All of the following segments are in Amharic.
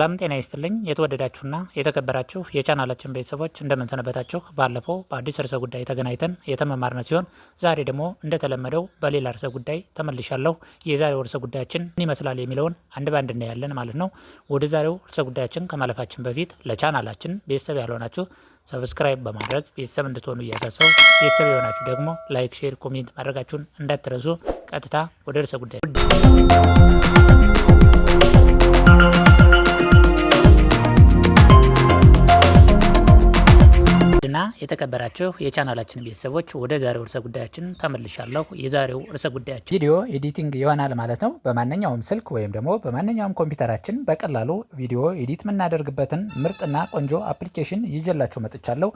ሰላም ጤና ይስጥልኝ የተወደዳችሁና የተከበራችሁ የቻናላችን ቤተሰቦች እንደምንሰነበታችሁ። ባለፈው በአዲስ ርዕሰ ጉዳይ ተገናኝተን የተመማርነ ሲሆን ዛሬ ደግሞ እንደተለመደው በሌላ ርዕሰ ጉዳይ ተመልሻለሁ። የዛሬው ርዕሰ ጉዳያችን ምን ይመስላል የሚለውን አንድ በአንድ እናያለን ማለት ነው። ወደ ዛሬው ርዕሰ ጉዳያችን ከማለፋችን በፊት ለቻናላችን ቤተሰብ ያልሆናችሁ ሰብስክራይብ በማድረግ ቤተሰብ እንድትሆኑ እያሳሰው ቤተሰብ የሆናችሁ ደግሞ ላይክ፣ ሼር፣ ኮሜንት ማድረጋችሁን እንዳትረሱ። ቀጥታ ወደ ርዕሰ ጉዳይ የተከበራችሁ የቻናላችን ቤተሰቦች ወደ ዛሬው እርሰ ጉዳያችን ተመልሻለሁ። የዛሬው እርሰ ጉዳያችን ቪዲዮ ኤዲቲንግ ይሆናል ማለት ነው። በማንኛውም ስልክ ወይም ደግሞ በማንኛውም ኮምፒውተራችን በቀላሉ ቪዲዮ ኤዲት የምናደርግበትን ምርጥና ቆንጆ አፕሊኬሽን ይዤላችሁ መጥቻለሁ።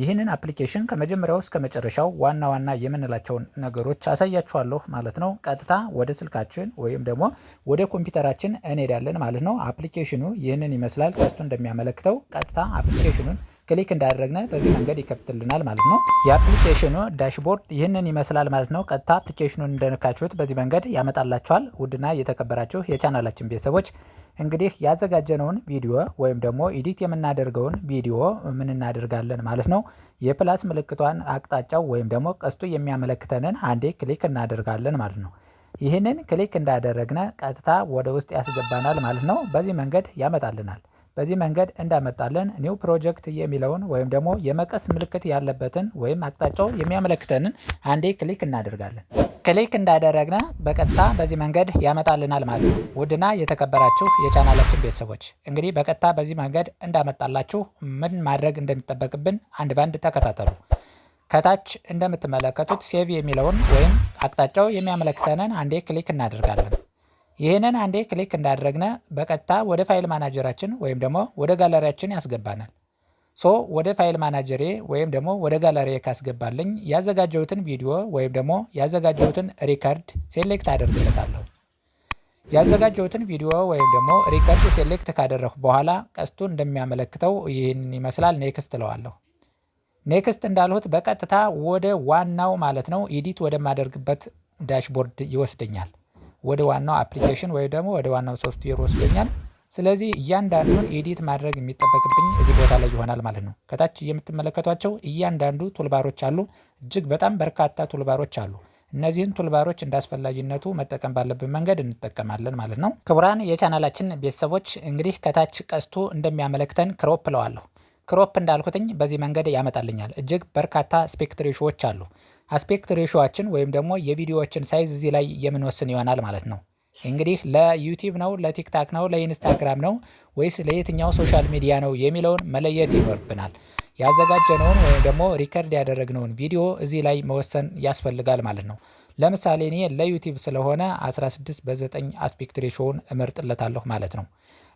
ይህንን አፕሊኬሽን ከመጀመሪያው እስከ መጨረሻው ዋና ዋና የምንላቸውን ነገሮች አሳያችኋለሁ ማለት ነው። ቀጥታ ወደ ስልካችን ወይም ደግሞ ወደ ኮምፒውተራችን እንሄዳለን ማለት ነው። አፕሊኬሽኑ ይህንን ይመስላል። ቀስቱ እንደሚያመለክተው ቀጥታ አፕሊኬሽኑን ክሊክ እንዳደረግነ በዚህ መንገድ ይከፍትልናል ማለት ነው። የአፕሊኬሽኑ ዳሽቦርድ ይህንን ይመስላል ማለት ነው። ቀጥታ አፕሊኬሽኑን እንደነካችሁት በዚህ መንገድ ያመጣላችኋል። ውድና እየተከበራችሁ የቻናላችን ቤተሰቦች እንግዲህ ያዘጋጀነውን ቪዲዮ ወይም ደግሞ ኢዲት የምናደርገውን ቪዲዮ ምን እናደርጋለን ማለት ነው። የፕላስ ምልክቷን አቅጣጫው ወይም ደግሞ ቀስቱ የሚያመለክተንን አንዴ ክሊክ እናደርጋለን ማለት ነው። ይህንን ክሊክ እንዳደረግነ ቀጥታ ወደ ውስጥ ያስገባናል ማለት ነው። በዚህ መንገድ ያመጣልናል። በዚህ መንገድ እንዳመጣለን ኒው ፕሮጀክት የሚለውን ወይም ደግሞ የመቀስ ምልክት ያለበትን ወይም አቅጣጫው የሚያመለክተንን አንዴ ክሊክ እናደርጋለን። ክሊክ እንዳደረግነ በቀጥታ በዚህ መንገድ ያመጣልናል ማለት ነው። ውድና የተከበራችሁ የቻናላችን ቤተሰቦች እንግዲህ በቀጥታ በዚህ መንገድ እንዳመጣላችሁ ምን ማድረግ እንደሚጠበቅብን አንድ ባንድ ተከታተሉ። ከታች እንደምትመለከቱት ሴቭ የሚለውን ወይም አቅጣጫው የሚያመለክተንን አንዴ ክሊክ እናደርጋለን። ይህንን አንዴ ክሊክ እንዳደረግነ በቀጥታ ወደ ፋይል ማናጀራችን ወይም ደግሞ ወደ ጋለሪያችን ያስገባናል። ሶ ወደ ፋይል ማናጀሬ ወይም ደግሞ ወደ ጋለሪ ካስገባልኝ ያዘጋጀሁትን ቪዲዮ ወይም ደግሞ ያዘጋጀሁትን ሪከርድ ሴሌክት አደርግበታለሁ። ያዘጋጀሁትን ቪዲዮ ወይም ደግሞ ሪከርድ ሴሌክት ካደረኩ በኋላ ቀስቱ እንደሚያመለክተው ይህን ይመስላል። ኔክስት እለዋለሁ። ኔክስት እንዳልሁት በቀጥታ ወደ ዋናው ማለት ነው ኢዲት ወደማደርግበት ዳሽቦርድ ይወስደኛል። ወደ ዋናው አፕሊኬሽን ወይም ደግሞ ወደ ዋናው ሶፍትዌር ወስዶኛል። ስለዚህ እያንዳንዱን ኤዲት ማድረግ የሚጠበቅብኝ እዚህ ቦታ ላይ ይሆናል ማለት ነው። ከታች የምትመለከቷቸው እያንዳንዱ ቱልባሮች አሉ። እጅግ በጣም በርካታ ቱልባሮች አሉ። እነዚህን ቱልባሮች እንዳስፈላጊነቱ መጠቀም ባለብን መንገድ እንጠቀማለን ማለት ነው። ክቡራን የቻናላችን ቤተሰቦች እንግዲህ ከታች ቀስቱ እንደሚያመለክተን ክሮፕ እለዋለሁ። ክሮፕ እንዳልኩትኝ በዚህ መንገድ ያመጣልኛል። እጅግ በርካታ አስፔክት ሬሾዎች አሉ። አስፔክት ሬሾዎችን ወይም ደግሞ የቪዲዮዎችን ሳይዝ እዚህ ላይ የምንወስን ይሆናል ማለት ነው። እንግዲህ ለዩቲዩብ ነው፣ ለቲክታክ ነው፣ ለኢንስታግራም ነው ወይስ ለየትኛው ሶሻል ሚዲያ ነው የሚለውን መለየት ይኖርብናል። ያዘጋጀነውን ወይም ደግሞ ሪከርድ ያደረግነውን ቪዲዮ እዚህ ላይ መወሰን ያስፈልጋል ማለት ነው። ለምሳሌ እኔ ለዩቲዩብ ስለሆነ 16 በ9 አስፔክት ሬሾውን እመርጥለታለሁ ማለት ነው።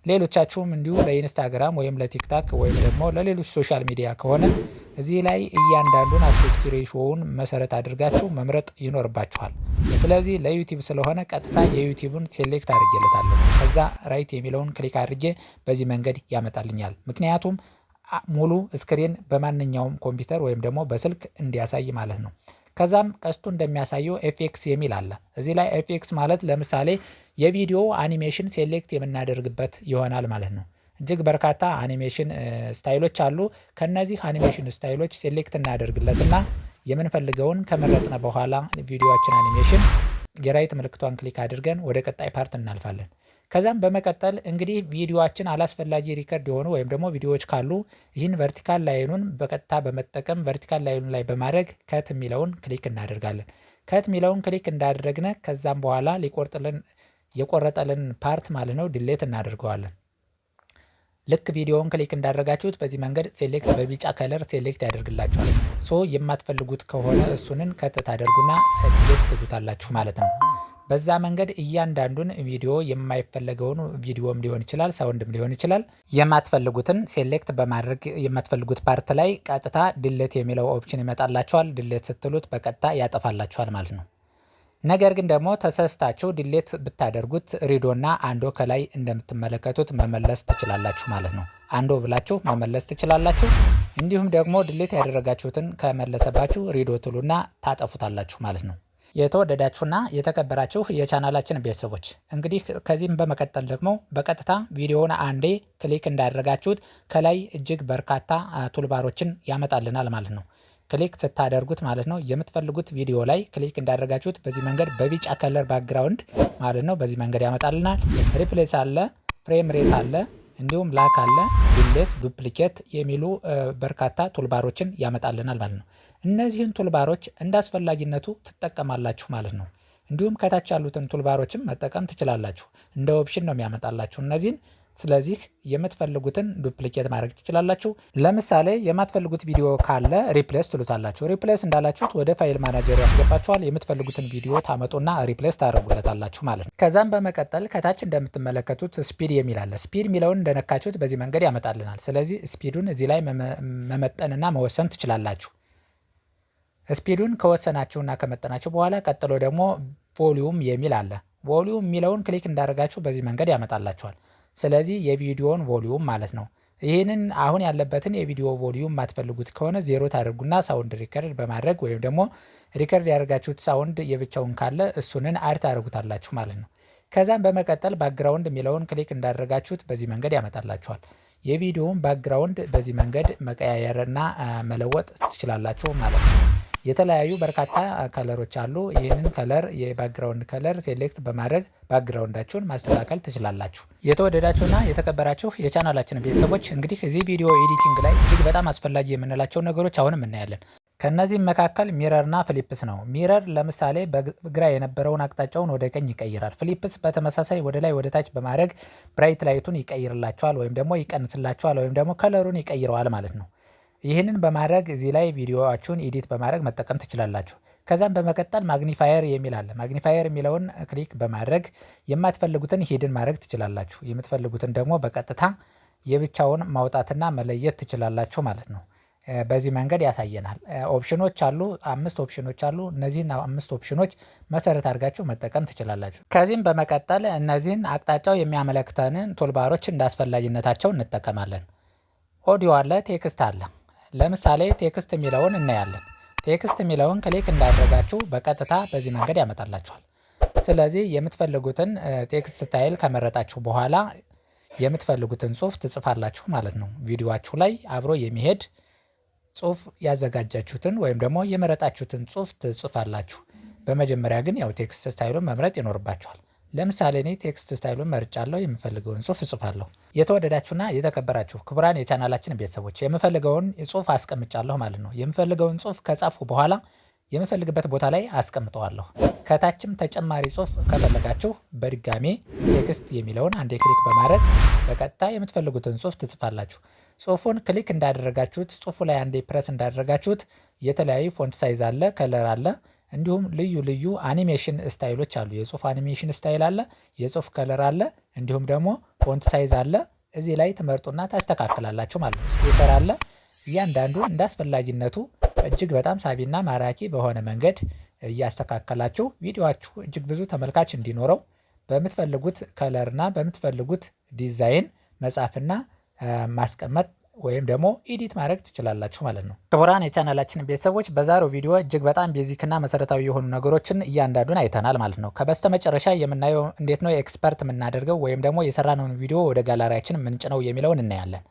ሌሎቻችሁም እንዲሁ ለኢንስታግራም ወይም ለቲክታክ ወይም ደግሞ ለሌሎች ሶሻል ሚዲያ ከሆነ እዚህ ላይ እያንዳንዱን አስፔክት ሬሽዮውን መሰረት አድርጋችሁ መምረጥ ይኖርባችኋል። ስለዚህ ለዩቲዩብ ስለሆነ ቀጥታ የዩቲብን ሴሌክት አድርጌለታለሁ። ከዛ ራይት የሚለውን ክሊክ አድርጌ በዚህ መንገድ ያመጣልኛል። ምክንያቱም ሙሉ ስክሪን በማንኛውም ኮምፒውተር ወይም ደግሞ በስልክ እንዲያሳይ ማለት ነው። ከዛም ቀስቱ እንደሚያሳየው ኤፍኤክስ የሚል አለ። እዚህ ላይ ኤፍኤክስ ማለት ለምሳሌ የቪዲዮ አኒሜሽን ሴሌክት የምናደርግበት ይሆናል ማለት ነው። እጅግ በርካታ አኒሜሽን ስታይሎች አሉ። ከነዚህ አኒሜሽን ስታይሎች ሴሌክት እናደርግለትና የምንፈልገውን ከመረጥነ በኋላ ቪዲዮችን አኒሜሽን የራይት ምልክቷን ክሊክ አድርገን ወደ ቀጣይ ፓርት እናልፋለን። ከዛም በመቀጠል እንግዲህ ቪዲዮችን አላስፈላጊ ሪከርድ የሆኑ ወይም ደግሞ ቪዲዮዎች ካሉ ይህን ቨርቲካል ላይኑን በቀጥታ በመጠቀም ቨርቲካል ላይኑ ላይ በማድረግ ከት የሚለውን ክሊክ እናደርጋለን። ከት የሚለውን ክሊክ እንዳደረግነ ከዛም በኋላ ሊቆርጥልን የቆረጠልን ፓርት ማለት ነው ድሌት እናደርገዋለን። ልክ ቪዲዮውን ክሊክ እንዳደረጋችሁት በዚህ መንገድ ሴሌክት በቢጫ ከለር ሴሌክት ያደርግላችኋል። ሶ የማትፈልጉት ከሆነ እሱንን ከት ታደርጉና ዲሌት ትዙታላችሁ ማለት ነው። በዛ መንገድ እያንዳንዱን ቪዲዮ የማይፈለገውን ቪዲዮም ሊሆን ይችላል፣ ሳውንድም ሊሆን ይችላል። የማትፈልጉትን ሴሌክት በማድረግ የማትፈልጉት ፓርት ላይ ቀጥታ ድሌት የሚለው ኦፕሽን ይመጣላችኋል። ድሌት ስትሉት በቀጥታ ያጠፋላችኋል ማለት ነው። ነገር ግን ደግሞ ተሰስታችሁ ድሌት ብታደርጉት ሪዶና አንዶ ከላይ እንደምትመለከቱት መመለስ ትችላላችሁ ማለት ነው። አንዶ ብላችሁ መመለስ ትችላላችሁ። እንዲሁም ደግሞ ድሌት ያደረጋችሁትን ከመለሰባችሁ ሪዶ ትሉና ታጠፉታላችሁ ማለት ነው። የተወደዳችሁና የተከበራችሁ የቻናላችን ቤተሰቦች እንግዲህ ከዚህም በመቀጠል ደግሞ በቀጥታ ቪዲዮውን አንዴ ክሊክ እንዳደረጋችሁት ከላይ እጅግ በርካታ ቱልባሮችን ያመጣልናል ማለት ነው። ክሊክ ስታደርጉት ማለት ነው የምትፈልጉት ቪዲዮ ላይ ክሊክ እንዳደረጋችሁት በዚህ መንገድ በቢጫ ከለር ባክግራውንድ ማለት ነው በዚህ መንገድ ያመጣልናል። ሪፕሌስ አለ፣ ፍሬም ሬት አለ፣ እንዲሁም ላክ አለ፣ ዲሌት፣ ዱፕሊኬት የሚሉ በርካታ ቱልባሮችን ያመጣልናል ማለት ነው። እነዚህን ቱልባሮች እንደ አስፈላጊነቱ ትጠቀማላችሁ ማለት ነው። እንዲሁም ከታች ያሉትን ቱልባሮችም መጠቀም ትችላላችሁ። እንደ ኦፕሽን ነው የሚያመጣላችሁ እነዚህን ስለዚህ የምትፈልጉትን ዱፕሊኬት ማድረግ ትችላላችሁ። ለምሳሌ የማትፈልጉት ቪዲዮ ካለ ሪፕሌስ ትሉታላችሁ። ሪፕሌስ እንዳላችሁት ወደ ፋይል ማናጀር ያስገባችኋል። የምትፈልጉትን ቪዲዮ ታመጡና ሪፕሌስ ታደረጉለታላችሁ ማለት ነው። ከዛም በመቀጠል ከታች እንደምትመለከቱት ስፒድ የሚል አለ። ስፒድ የሚለውን እንደነካችሁት በዚህ መንገድ ያመጣልናል። ስለዚህ ስፒዱን እዚህ ላይ መመጠንና መወሰን ትችላላችሁ። ስፒዱን ከወሰናችሁና ከመጠናችሁ በኋላ ቀጥሎ ደግሞ ቮሊዩም የሚል አለ። ቮሊዩም የሚለውን ክሊክ እንዳደረጋችሁ በዚህ መንገድ ያመጣላችኋል። ስለዚህ የቪዲዮን ቮሊዩም ማለት ነው። ይህንን አሁን ያለበትን የቪዲዮ ቮሊዩም የማትፈልጉት ከሆነ ዜሮ ታደርጉና ሳውንድ ሪከርድ በማድረግ ወይም ደግሞ ሪከርድ ያደርጋችሁት ሳውንድ የብቻውን ካለ እሱንን አድ ታደርጉታላችሁ ማለት ነው። ከዛም በመቀጠል ባክግራውንድ የሚለውን ክሊክ እንዳደረጋችሁት በዚህ መንገድ ያመጣላችኋል። የቪዲዮውን ባክግራውንድ በዚህ መንገድ መቀያየርና መለወጥ ትችላላችሁ ማለት ነው። የተለያዩ በርካታ ከለሮች አሉ። ይህንን ከለር የባክግራውንድ ከለር ሴሌክት በማድረግ ባክግራውንዳችሁን ማስተካከል ትችላላችሁ። የተወደዳችሁና የተከበራችሁ የቻናላችን ቤተሰቦች እንግዲህ እዚህ ቪዲዮ ኤዲቲንግ ላይ እጅግ በጣም አስፈላጊ የምንላቸው ነገሮች አሁንም እናያለን። ከእነዚህም መካከል ሚረርና ፍሊፕስ ነው። ሚረር ለምሳሌ በግራ የነበረውን አቅጣጫውን ወደ ቀኝ ይቀይራል። ፊሊፕስ በተመሳሳይ ወደ ላይ ወደ ታች በማድረግ ብራይት ላይቱን ይቀይርላቸዋል ወይም ደግሞ ይቀንስላቸዋል ወይም ደግሞ ከለሩን ይቀይረዋል ማለት ነው። ይህንን በማድረግ እዚህ ላይ ቪዲዮዎቻችሁን ኤዲት በማድረግ መጠቀም ትችላላችሁ። ከዛም በመቀጠል ማግኒፋየር የሚል አለ። ማግኒፋየር የሚለውን ክሊክ በማድረግ የማትፈልጉትን ሂድን ማድረግ ትችላላችሁ። የምትፈልጉትን ደግሞ በቀጥታ የብቻውን ማውጣትና መለየት ትችላላችሁ ማለት ነው። በዚህ መንገድ ያሳየናል። ኦፕሽኖች አሉ፣ አምስት ኦፕሽኖች አሉ። እነዚህን አምስት ኦፕሽኖች መሰረት አድርጋችሁ መጠቀም ትችላላችሁ። ከዚህም በመቀጠል እነዚህን አቅጣጫው የሚያመለክተንን ቶልባሮች እንዳስፈላጊነታቸው እንጠቀማለን። ኦዲዮ አለ፣ ቴክስት አለ። ለምሳሌ ቴክስት የሚለውን እናያለን። ቴክስት የሚለውን ክሊክ እንዳደረጋችሁ በቀጥታ በዚህ መንገድ ያመጣላችኋል። ስለዚህ የምትፈልጉትን ቴክስት ስታይል ከመረጣችሁ በኋላ የምትፈልጉትን ጽሁፍ ትጽፋላችሁ ማለት ነው። ቪዲዮችሁ ላይ አብሮ የሚሄድ ጽሁፍ ያዘጋጃችሁትን ወይም ደግሞ የመረጣችሁትን ጽሁፍ ትጽፋላችሁ። በመጀመሪያ ግን ያው ቴክስት ስታይሉን መምረጥ ይኖርባችኋል። ለምሳሌ እኔ ቴክስት ስታይሉን መርጫለሁ። የምፈልገውን ጽሁፍ እጽፋለሁ። የተወደዳችሁና የተከበራችሁ ክቡራን የቻናላችን ቤተሰቦች የምፈልገውን ጽሁፍ አስቀምጫለሁ ማለት ነው። የምፈልገውን ጽሁፍ ከጻፉ በኋላ የምፈልግበት ቦታ ላይ አስቀምጠዋለሁ። ከታችም ተጨማሪ ጽሁፍ ከፈለጋችሁ በድጋሜ ቴክስት የሚለውን አንዴ ክሊክ በማድረግ በቀጥታ የምትፈልጉትን ጽሁፍ ትጽፋላችሁ። ጽሁፉን ክሊክ እንዳደረጋችሁት፣ ጽሁፉ ላይ አንዴ ፕረስ እንዳደረጋችሁት የተለያዩ ፎንት ሳይዝ አለ፣ ከለር አለ እንዲሁም ልዩ ልዩ አኒሜሽን ስታይሎች አሉ። የጽሁፍ አኒሜሽን ስታይል አለ የጽሁፍ ከለር አለ እንዲሁም ደግሞ ፎንት ሳይዝ አለ እዚህ ላይ ትመርጡና ታስተካክላላችሁ ማለት ነው። ስፒከር አለ እያንዳንዱ እንደ አስፈላጊነቱ እጅግ በጣም ሳቢና ማራኪ በሆነ መንገድ እያስተካከላችሁ ቪዲዮችሁ እጅግ ብዙ ተመልካች እንዲኖረው በምትፈልጉት ከለርና በምትፈልጉት ዲዛይን መጻፍና ማስቀመጥ ወይም ደግሞ ኢዲት ማድረግ ትችላላችሁ ማለት ነው። ክቡራን የቻናላችን ቤተሰቦች በዛሬው ቪዲዮ እጅግ በጣም ቤዚክና መሰረታዊ የሆኑ ነገሮችን እያንዳንዱን አይተናል ማለት ነው። ከበስተ መጨረሻ የምናየው እንዴት ነው ኤክስፐርት የምናደርገው ወይም ደግሞ የሰራነውን ቪዲዮ ወደ ጋላሪያችን ምንጭነው የሚለውን እናያለን።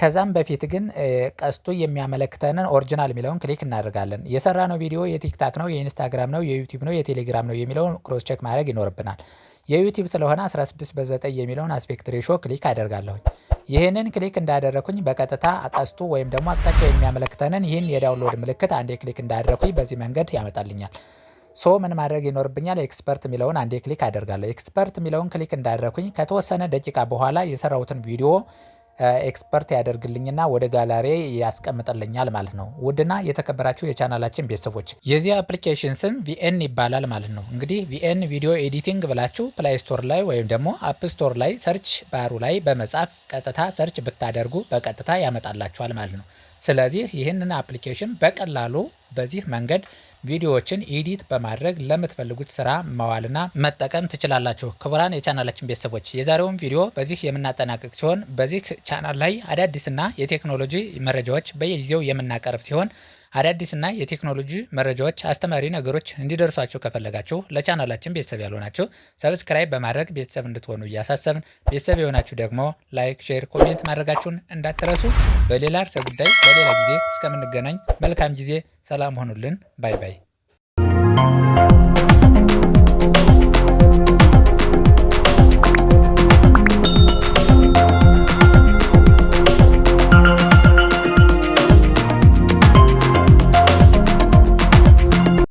ከዛም በፊት ግን ቀስቱ የሚያመለክተንን ኦሪጂናል የሚለውን ክሊክ እናደርጋለን። የሰራነው ቪዲዮ የቲክታክ ነው፣ የኢንስታግራም ነው፣ የዩቲዩብ ነው፣ የቴሌግራም ነው የሚለውን ክሮስ ቼክ ማድረግ ይኖርብናል። የዩቲዩብ ስለሆነ 16 በ9 የሚለውን አስፔክት ሬሾ ክሊክ አደርጋለሁኝ። ይህንን ክሊክ እንዳደረኩኝ በቀጥታ ቀስቱ ወይም ደግሞ አቅጣጫው የሚያመለክተንን ይህን የዳውንሎድ ምልክት አንዴ ክሊክ እንዳደረኩኝ በዚህ መንገድ ያመጣልኛል። ሶ ምን ማድረግ ይኖርብኛል? ኤክስፐርት የሚለውን አንዴ ክሊክ አደርጋለሁ። ኤክስፐርት የሚለውን ክሊክ እንዳደረኩኝ ከተወሰነ ደቂቃ በኋላ የሰራሁትን ቪዲዮ ኤክስፐርት ያደርግልኝና ወደ ጋላሪ ያስቀምጥልኛል ማለት ነው። ውድና የተከበራችሁ የቻናላችን ቤተሰቦች የዚህ አፕሊኬሽን ስም ቪኤን ይባላል ማለት ነው። እንግዲህ ቪኤን ቪዲዮ ኤዲቲንግ ብላችሁ ፕላይ ስቶር ላይ ወይም ደግሞ አፕ ስቶር ላይ ሰርች ባሩ ላይ በመጻፍ ቀጥታ ሰርች ብታደርጉ በቀጥታ ያመጣላችኋል ማለት ነው። ስለዚህ ይህንን አፕሊኬሽን በቀላሉ በዚህ መንገድ ቪዲዮዎችን ኤዲት በማድረግ ለምትፈልጉት ስራ መዋልና መጠቀም ትችላላችሁ። ክቡራን የቻናላችን ቤተሰቦች የዛሬውን ቪዲዮ በዚህ የምናጠናቅቅ ሲሆን በዚህ ቻናል ላይ አዳዲስና የቴክኖሎጂ መረጃዎች በየጊዜው የምናቀርብ ሲሆን አዳዲስና የቴክኖሎጂ መረጃዎች፣ አስተማሪ ነገሮች እንዲደርሷቸው ከፈለጋችሁ ለቻናላችን ቤተሰብ ያልሆናችሁ ሰብስክራይብ በማድረግ ቤተሰብ እንድትሆኑ እያሳሰብን ቤተሰብ የሆናችሁ ደግሞ ላይክ፣ ሼር፣ ኮሜንት ማድረጋችሁን እንዳትረሱ። በሌላ ርዕሰ ጉዳይ በሌላ ጊዜ እስከምንገናኝ መልካም ጊዜ፣ ሰላም ሆኑልን። ባይ ባይ።